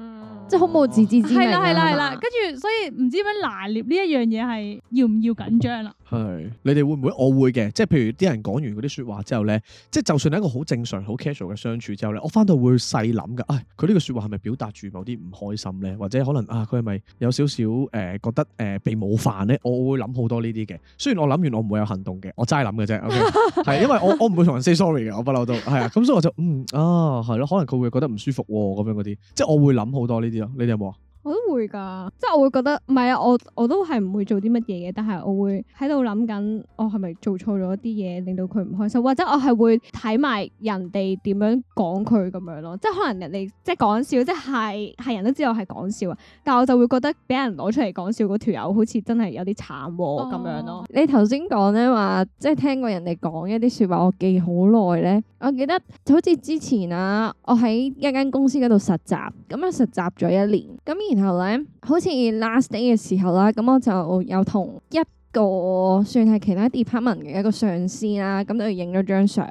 即係好冇自知之明。係啦係啦係啦，跟住所以唔知點樣拿捏呢一樣嘢係要唔要緊張啦。係，你哋會唔會？我會嘅，即係譬如啲人講完嗰啲說話之後咧，即係就算係一個好正常、好 casual 嘅相處之後咧，我翻到會細諗㗎。唉，佢呢個說話係咪表達住某啲唔開心咧？或者可能啊，佢係咪有少少誒覺得誒、呃、被冒犯咧？我會諗好多呢啲嘅。雖然我諗完我唔會有行動嘅，我齋諗嘅啫。OK，係， 因為我我唔會同人 say sorry 嘅，我不嬲都係啊。咁所以我就嗯啊係咯，可能佢會覺得唔舒服咁樣嗰啲，即係我會諗好多呢啲咯。你哋有冇啊？我都會噶，即係我會覺得，唔係啊，我我都係唔會做啲乜嘢嘅，但係我會喺度諗緊，我係咪做錯咗啲嘢令到佢唔開心，或者我係會睇埋人哋點樣講佢咁樣咯，即係可能人哋即係講笑，即係係人都知道係講笑啊，但係我就會覺得俾人攞出嚟講笑嗰條友好似真係有啲慘咁樣咯。你頭先講咧話，即係聽過人哋講一啲說話，我記好耐咧，我記得好似之前啊，我喺一間公司嗰度實習，咁樣實習咗一年，咁。然後咧，好似 last day 嘅時候啦，咁我就有同一個算係其他 department 嘅一個上司啦，咁就影咗張相。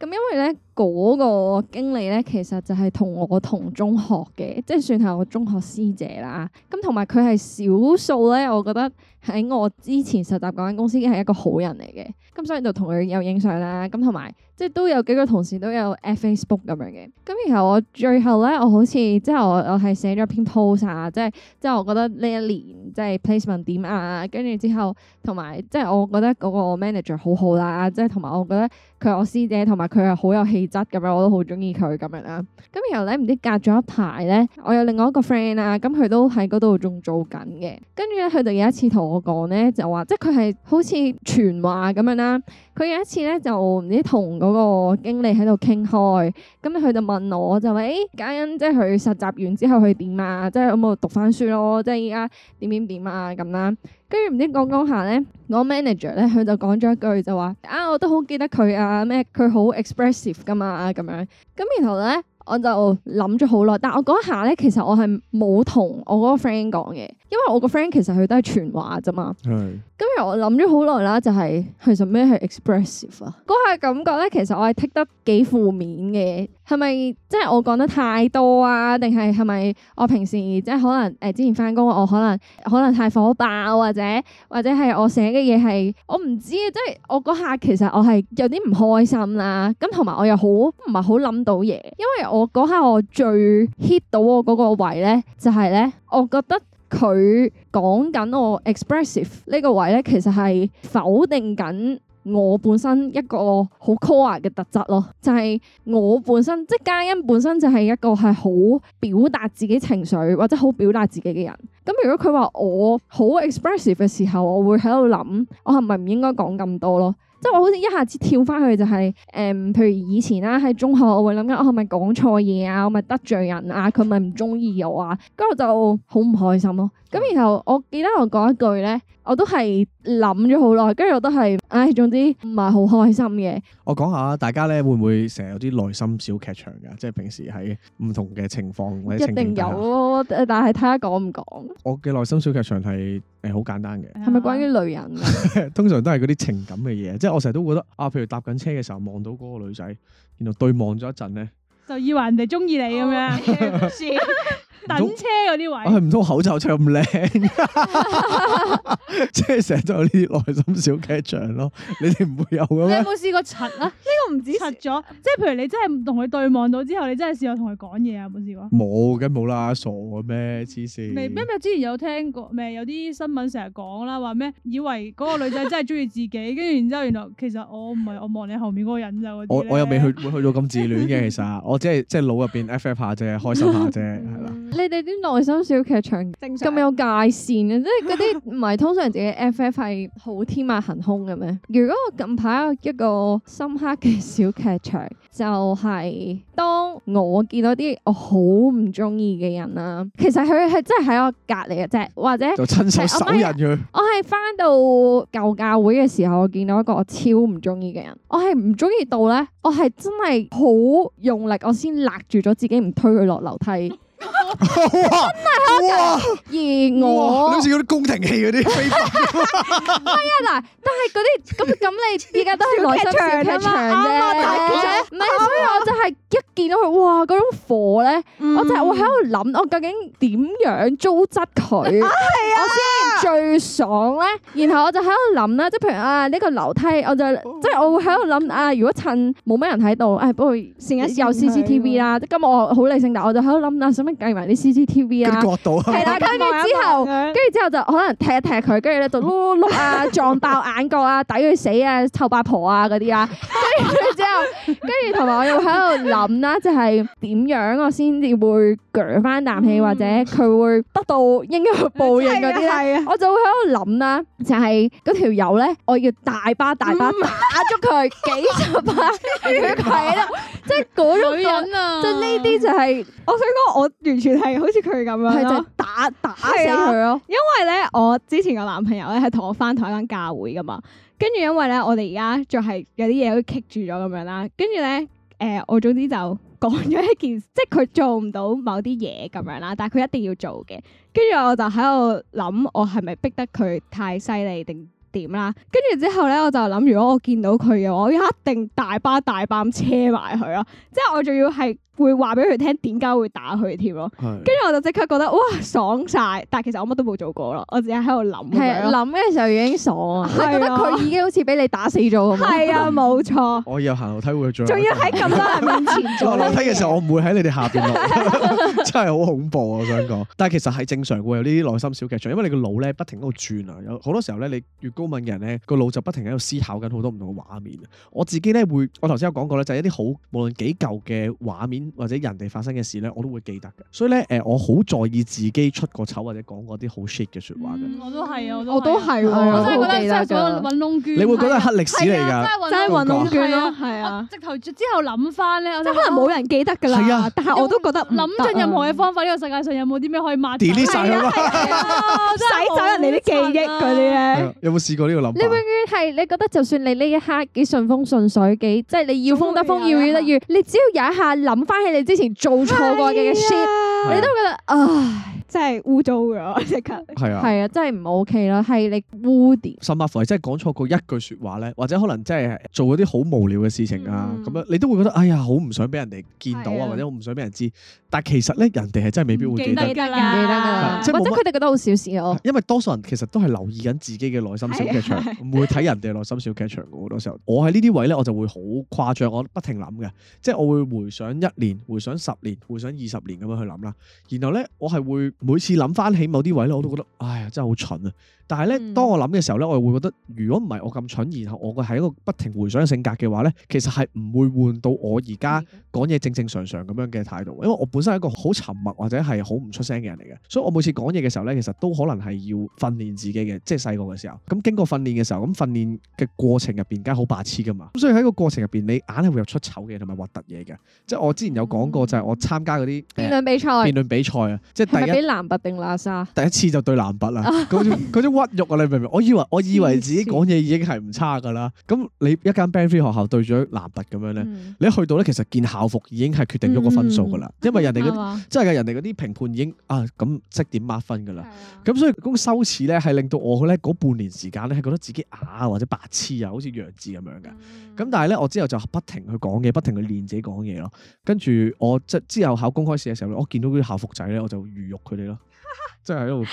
咁因為咧嗰、那個經理咧，其實就係同我同中學嘅，即係算係我中學師姐啦。咁同埋佢係少數咧，我覺得喺我之前實習嗰間公司已經係一個好人嚟嘅。咁、嗯、所以就同佢有影相啦。咁同埋即係都有幾個同事都有 F Facebook 咁樣嘅。咁、嗯、然後我最後咧，我好似之後我我係寫咗一篇 post 啊，即係即係我覺得呢一年即係 placement 點啊，跟住之後同埋即係我覺得嗰個 manager 好好啦，即係同埋我覺得。佢係我師姐，同埋佢係好有氣質咁樣，我都好鍾意佢咁樣啦。咁然後咧，唔知隔咗一排咧，我有另外一個 friend 啊，咁佢都喺嗰度仲做緊嘅。跟住咧，佢就有一次同我講咧，就話即係佢係好似傳話咁樣啦。佢有一次咧就唔知同嗰個經理喺度傾開，咁佢就問我，我就話：誒嘉欣即係佢實習完之後佢點啊？即係有冇讀返書咯？即係依家點點點啊咁啦。跟住唔知講講下咧，我、那個、manager 咧佢就講咗一句就話：啊，我都好記得佢啊，咩佢好 expressive 噶嘛咁樣。咁然後咧。我就諗咗好耐，但我嗰下咧，其實我係冇同我嗰個 friend 講嘅，因為我個 friend 其實佢都係傳話咋嘛。係。咁然後我諗咗好耐啦，就係其實咩係 expressive 啊？嗰下感覺咧，其實，其實我係 take 得幾負面嘅，係咪即係我講得太多啊？定係係咪我平時即係可能誒、欸、之前翻工我可能可能太火爆或者或者係我寫嘅嘢係我唔知，啊，即係我嗰下其實我係有啲唔開心啦，啊。咁同埋我又好唔係好諗到嘢，因為我。我嗰刻我最 hit 到我嗰個位咧，就係咧，我覺得佢講緊我 expressive 呢個位咧，其實係否定緊我本身一個好 core 嘅特質咯。就係我本身，即係嘉欣本身就係一個係好表達自己情緒或者好表達自己嘅人。咁如果佢話我好 expressive 嘅時候，我會喺度諗，我係咪唔應該講咁多咯？即係我好似一下子跳翻去就係、是、誒、呃，譬如以前啦、啊，喺中學我會諗緊，我係咪講錯嘢啊？我係咪得罪人啊？佢咪唔中意我啊？咁我就好唔開心咯、啊。咁然後我記得我講一句咧，我都係諗咗好耐，跟住我都係，唉、哎，總之唔係好開心嘅。我講下大家咧，會唔會成日有啲內心小劇場㗎？即係平時喺唔同嘅情況或者情境下一定有咯，但係睇下講唔講。我嘅內心小劇場係誒好簡單嘅。係咪、哎、呀關於女人？ 通常都係嗰啲情感嘅嘢，即係我成日都覺得啊，譬如搭緊車嘅時候望到嗰個女仔，然後對望咗一陣咧，就以為人哋中意你咁樣。 等車嗰啲位，唔通、啊、口罩著咁靚， 即係成日都有呢啲內心小劇場咯。你哋唔會有嘅。 你有冇試過柒啊？呢個唔止柒咗，即係譬如你真係同佢對望到之後，你真係試過同佢講嘢啊？有冇試過？冇梗冇啦，傻嘅咩？黐線！咪咩之前有聽過咩？有啲新聞成日講啦，話咩以為嗰個女仔真係中意自己，跟住 然之後原來其實我唔係我望你後面嗰個人就我又未去會去到咁自戀嘅，其實我只係即係腦入邊 FF 下啫，開心下啫，係啦。你哋啲內心小劇場正常，咁有界線嘅，即係嗰啲唔係通常自己 FF 係好天馬行空嘅咩？如果我近排有一個深刻嘅小劇場，就係當我見到啲我好唔中意嘅人啦，其實佢係真係喺我隔離嘅啫，或者就親手手印佢。我係返到舊教會嘅時候，我見到一個我超唔中意嘅人，我係唔中意到咧，我係真係好用力，我先勒住咗自己唔推佢落樓梯。 真係好意外，而我好似嗰啲宮廷戲嗰啲，係啊嗱，但係嗰啲咁咁，你依家都係內心劇場啫，唔係，所以我就係一。見到佢，哇！嗰種火咧，嗯、我就會喺度諗，我究竟點樣糟質佢？啊，係啊！我先最爽咧，然後我就喺度諗啦，即係譬如啊，呢個樓梯，我就即係、就是、我會喺度諗啊，如果趁冇咩人喺度，誒，不過成日有 CCTV 啦。即今日我好理性，但我就喺度諗啦，使唔使計埋啲 CCTV 啊？角度係啦，跟住之後，跟住之後就可能踢一踢佢，跟住咧就碌碌碌啊，撞爆眼角啊，抵佢 死啊，臭八婆啊嗰啲啊，跟住之後。 跟住同埋我又喺度諗啦，就係、是、點樣我先至會鋸翻啖氣，嗯、或者佢會得到應該去報應嗰啲啊，嗯嗯、我就會喺度諗啦，就係嗰條友咧，我要大巴大巴打咗佢、嗯、幾十巴，係咯麼，即係嗰種女人啊！即係呢啲就係、是，我想講我完全係好似佢咁樣係打打死佢咯。啊、因為咧，我之前個男朋友咧係同我翻同一間教會噶嘛，跟住因為咧我哋而家就係有啲嘢都棘住咗咁樣啦，跟住。跟住咧，誒、呃，我總之就講咗一件，即係佢做唔到某啲嘢咁樣啦，但係佢一定要做嘅。跟住我就喺度諗，我係咪逼得佢太犀利定點啦？跟住之後咧，我就諗，如果我見到佢嘅話，我一定大巴大巴車埋佢咯，即係我仲要係。會話俾佢聽點解會打佢添咯，跟住是我就即刻覺得哇爽晒！但係其實我乜都冇做過咯，我自己喺度諗。係諗嘅時候已經爽啊，覺得佢已經好似俾你打死咗咁啊。係啊、嗯，冇錯。我以後行樓梯會仲，仲要喺咁多人面前做。行 樓梯嘅時候，我唔會喺你哋下面落。 真係好恐怖啊！ 我想講，但係其實係正常嘅有呢啲內心小劇場，因為你個腦咧不停喺度轉啊，有好多時候咧，你越高敏嘅人咧，個腦就不停喺度思考緊好多唔同嘅畫面。我自己咧會，我頭先有講過咧，就係、是、一啲好無論幾舊嘅畫面。或者人哋發生嘅事咧，我都會記得嘅。所以咧，誒，我好在意自己出過醜或者講過啲好 shit 嘅説話嘅。我都係啊，我都我都係，我真係覺得真係想揾窿鑽。你會覺得係黑歷史嚟㗎，真係揾窿鑽咯，係啊！直頭之後諗翻咧，即可能冇人記得㗎啦。係啊，但係我都覺得諗盡任何嘅方法，呢個世界上有冇啲咩可以抹 delete 曬啦，洗走人哋啲記憶嗰啲咧。有冇試過呢個諗？你永遠係你覺得就算你呢一刻幾順風順水，幾即係你要風得風，要雨得雨，你只要有一下諗翻。係你之前做錯過嘅嘅 shit，你都覺得是啊。即係污糟咗，即刻係啊，係啊，真係唔 OK 啦，係你污點。甚至乎真係講錯過一句説話咧，或者可能即係做嗰啲好無聊嘅事情啊，咁、嗯、樣你都會覺得哎呀，好唔想俾人哋見到啊，嗯、或者我唔想俾人知。但其實咧，人哋係真係未必會記得㗎，記得㗎。啊、或者佢哋覺得好小事哦。因為多數人其實都係留意緊自己嘅內心小劇場，唔、哎、呀會睇人哋內心小劇場好 多時候。我喺呢啲位咧，我就會好誇張，我不停諗嘅，即、就、係、是、我會回想一年，回想十年，回想二十年咁樣去諗啦。然後咧，我係會。每次諗返起某啲位咧，我都覺得，哎呀，真係好蠢啊！但係咧，嗯、當我諗嘅時候咧，我又會覺得如果唔係我咁蠢，然後我係一個不停回想嘅性格嘅話咧，其實係唔會換到我而家講嘢正正常常咁樣嘅態度。因為我本身係一個好沉默或者係好唔出聲嘅人嚟嘅，所以我每次講嘢嘅時候咧，其實都可能係要訓練自己嘅，即係細個嘅時候。咁經過訓練嘅時候，咁訓練嘅過程入邊，梗係好白痴噶嘛。咁所以喺個過程入邊，你硬係會有出醜嘅同埋核突嘢嘅。即係我之前有講過，就係我參加嗰啲、嗯、誒辯論比賽，辯論比賽啊，賽即係第一，係咪比男拔定喇沙？第一次就對男拔啦。 屈辱啊！你明唔明？我以為，我以為自己講嘢已經係唔差噶啦。咁你一間 band three 學校對住男拔咁樣咧，嗯、你去到咧，其實見校服已經係決定咗個分數噶啦。嗯、因為人哋嗰即係人哋啲評判已經啊咁即點抹分噶啦。咁、嗯、所以嗰種羞恥咧係令到我咧嗰半年時間咧係覺得自己啞、啊、或者白痴啊，好似弱智咁樣嘅。咁、嗯、但係咧，我之後就不停去講嘢，不停去練自己講嘢咯。跟住我即之後考公開試嘅時候，我見到嗰啲校服仔咧，我就魚肉佢哋咯。即係喺度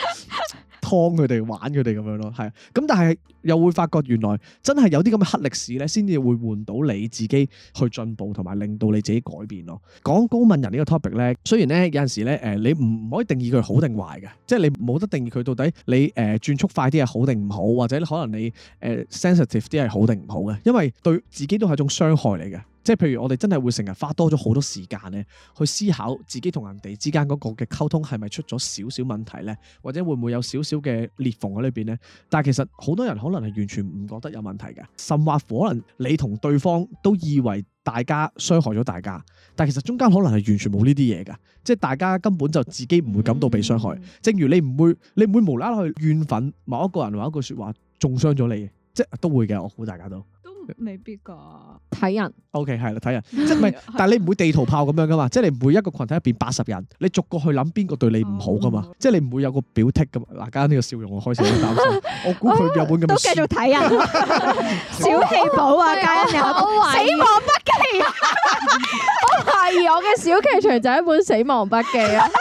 劏佢哋玩佢哋咁樣咯，係咁，但係又會發覺原來真係有啲咁嘅黑歷史咧，先至會換到你自己去進步，同埋令到你自己改變咯。講高敏人個呢個 topic 咧，雖然咧有陣時咧，誒、呃，你唔可以定義佢好定壞嘅，即係你冇得定義佢到底你誒、呃、轉速快啲係好定唔好，或者可能你誒、呃、sensitive 啲係好定唔好嘅，因為對自己都係一種傷害嚟嘅。即係譬如我哋真係會成日花多咗好多時間咧，去思考自己同人哋之間嗰個嘅溝通係咪出咗少少問題咧，或者會唔會有少少嘅裂縫喺裏邊咧？但係其實好多人可能係完全唔覺得有問題嘅，甚或可能你同對方都以為大家傷害咗大家，但係其實中間可能係完全冇呢啲嘢嘅，即係大家根本就自己唔會感到被傷害。嗯、正如你唔會，你唔會無啦啦去怨憤某一個人或一句說話中傷咗你，即都會嘅。我估大家都。未必噶，睇人。O K 係啦，睇人，即係唔係？但係你唔會地圖炮咁樣噶嘛？ 即係你每一個群體入邊八十人，你逐個去諗邊個對你唔好噶嘛？哦、即係你唔會有個表剔噶嘛？嗱，家欣呢個笑容我開始好擔心，啊、我估佢有本咁。都繼續睇人， 小氣寶啊，家欣你我都懷死亡筆記。 我懷疑我嘅小劇場就係一本死亡筆記啊。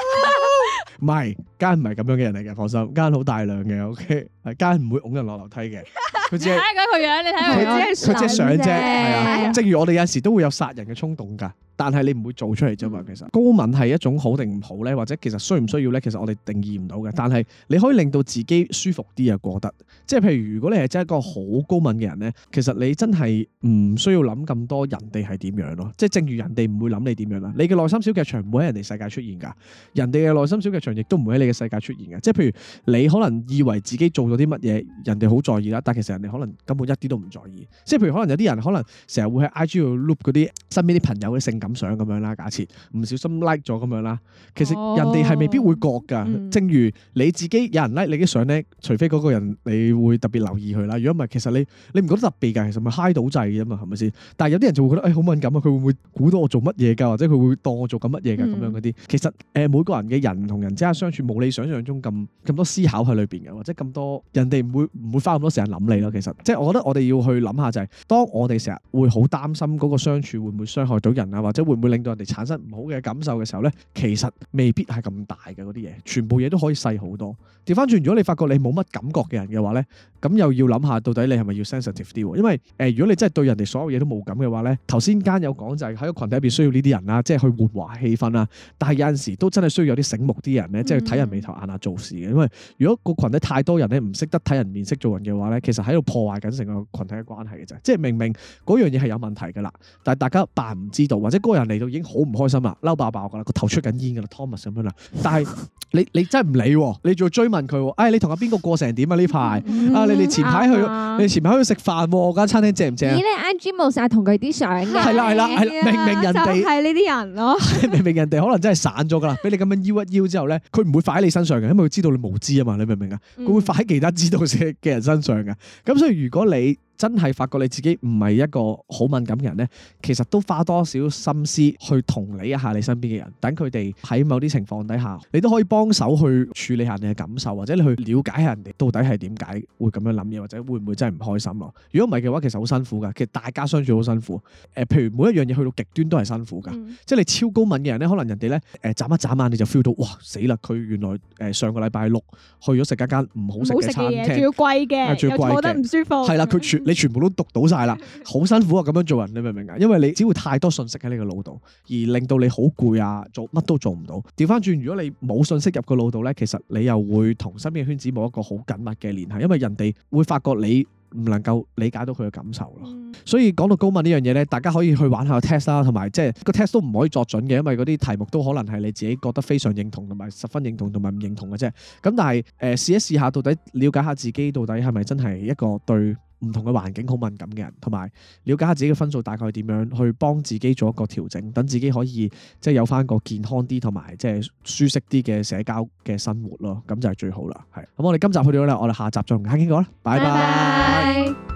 唔係，間唔係咁樣嘅人嚟嘅，放心，間好大量嘅，OK，係間唔會拱人落樓梯嘅。佢睇下嗰個樣，你睇下佢只係想，佢只係想啫，係啊，正如我哋有時都會有殺人嘅衝動㗎。但係你唔會做出嚟啫嘛，其實高敏係一種好定唔好咧，或者其實需唔需要咧？其實我哋定義唔到嘅。但係你可以令到自己舒服啲啊，過得。即係譬如如果你係真係一個好高敏嘅人咧，其實你真係唔需要諗咁多人哋係點樣咯。即係正如人哋唔會諗你點樣啦，你嘅內心小劇場唔會喺人哋世界出現噶，人哋嘅內心小劇場亦都唔會喺你嘅世界出現噶。即係譬如你可能以為自己做咗啲乜嘢，人哋好在意啦，但其實人哋可能根本一啲都唔在意。即係譬如可能有啲人可能成日會喺 IG 度 loop 嗰啲身邊啲朋友嘅性格。感想咁樣啦，假設唔小心 like 咗咁樣啦，其實人哋係未必會覺噶。哦嗯、正如你自己有人 like 你啲相咧，除非嗰個人你會特別留意佢啦，如果唔係，其實你你唔覺得特別噶，其實咪嗨到滯嘅啫嘛，係咪先？但係有啲人就會覺得誒好敏感啊，佢會唔會估到我做乜嘢噶，或者佢會當我做緊乜嘢噶咁樣嗰啲？嗯、其實誒、呃，每個人嘅人同人之間相處冇你想象中咁咁多思考喺裏邊嘅，或者咁多人哋唔會唔會花咁多時間諗你咯。其實即係、就是、我覺得我哋要去諗下就係、是，當我哋成日會好擔心嗰個相處會唔會傷害到人啊即係會唔會令到人哋產生唔好嘅感受嘅時候咧，其實未必係咁大嘅嗰啲嘢，全部嘢都可以細好多。調翻轉，如果你發覺你冇乜感覺嘅人嘅話咧，咁又要諗下到底你係咪要 sensitive 啲喎？因為誒、呃，如果你真係對人哋所有嘢都冇感嘅話咧，頭先間有講就係喺個群體入邊需要呢啲人啦、啊，即係去活華氣氛啦、啊。但係有陣時都真係需要有啲醒目啲人咧，即係睇人眉頭眼下做事嘅。嗯、因為如果個群體太多人咧唔識得睇人面色做人嘅話咧，其實喺度破壞緊成個群體嘅關係嘅啫。即係明明嗰樣嘢係有問題㗎啦，但係大家扮唔知道或者。嗰個人嚟到已經好唔開心啦，嬲爆爆噶啦，個頭出緊煙噶啦，Thomas 咁樣啦。但係你你真係唔理喎，你仲要追問佢，哎，你同阿邊個過成點啊？呢排、嗯、啊，你哋前排去，嗯、你前排去食、嗯、飯喎、啊，間餐廳正唔正啊？咦你 Instagram 同佢啲相，係啦係啦係啦，明明人哋係呢啲人咯，明明人哋可能真係散咗噶啦，俾你咁樣 U 一 U 之後咧，佢唔會發喺你身上嘅，因為佢知道你無知啊嘛，你明唔明啊？佢會發喺其他知道嘅人身上嘅，咁、嗯、所以如果你真係發覺你自己唔係一個好敏感人咧，其實都花多少心思去同理一下你身邊嘅人，等佢哋喺某啲情況底下，你都可以幫手去處理下你嘅感受，或者你去了解下人哋到底係點解會咁樣諗嘢，或者會唔會真係唔開心咯？如果唔係嘅話，其實好辛苦㗎。其實大家相處好辛苦。誒，譬如每一樣嘢去到極端都係辛苦㗎。即係你超高敏嘅人咧，可能人哋咧，誒眨一眨眼你就 feel 到，哇死啦！佢原來誒，上個禮拜六去咗食一間唔好食嘅餐廳，仲要貴嘅，又坐得唔舒服。係啦，佢你全部都讀到晒啦，好辛苦啊！咁樣做人，你明唔明啊？因為你只會太多信息喺你個腦度，而令到你好攰啊，做乜都做唔到。調翻轉，如果你冇信息入個腦度呢，其實你又會同身邊嘅圈子冇一個好緊密嘅聯繫，因為人哋會發覺你唔能夠理解到佢嘅感受咯。嗯、所以講到高敏呢樣嘢呢，大家可以去玩下 test 啦，同埋即係個 test 都唔可以作準嘅，因為嗰啲題目都可能係你自己覺得非常認同，同埋十分認同，同埋唔認同嘅啫。咁但係誒，試一試下到底了解下自己，到底係咪真係一個對唔同嘅環境好敏感嘅人，同埋了解下自己嘅分數大概點樣，去幫自己做一個調整，等自己可以即係有返個健康啲同埋即係舒適啲嘅社交嘅生活囉，咁就係最好啦。係，咁我哋今集去到呢度，我哋下集再傾過啦，拜拜。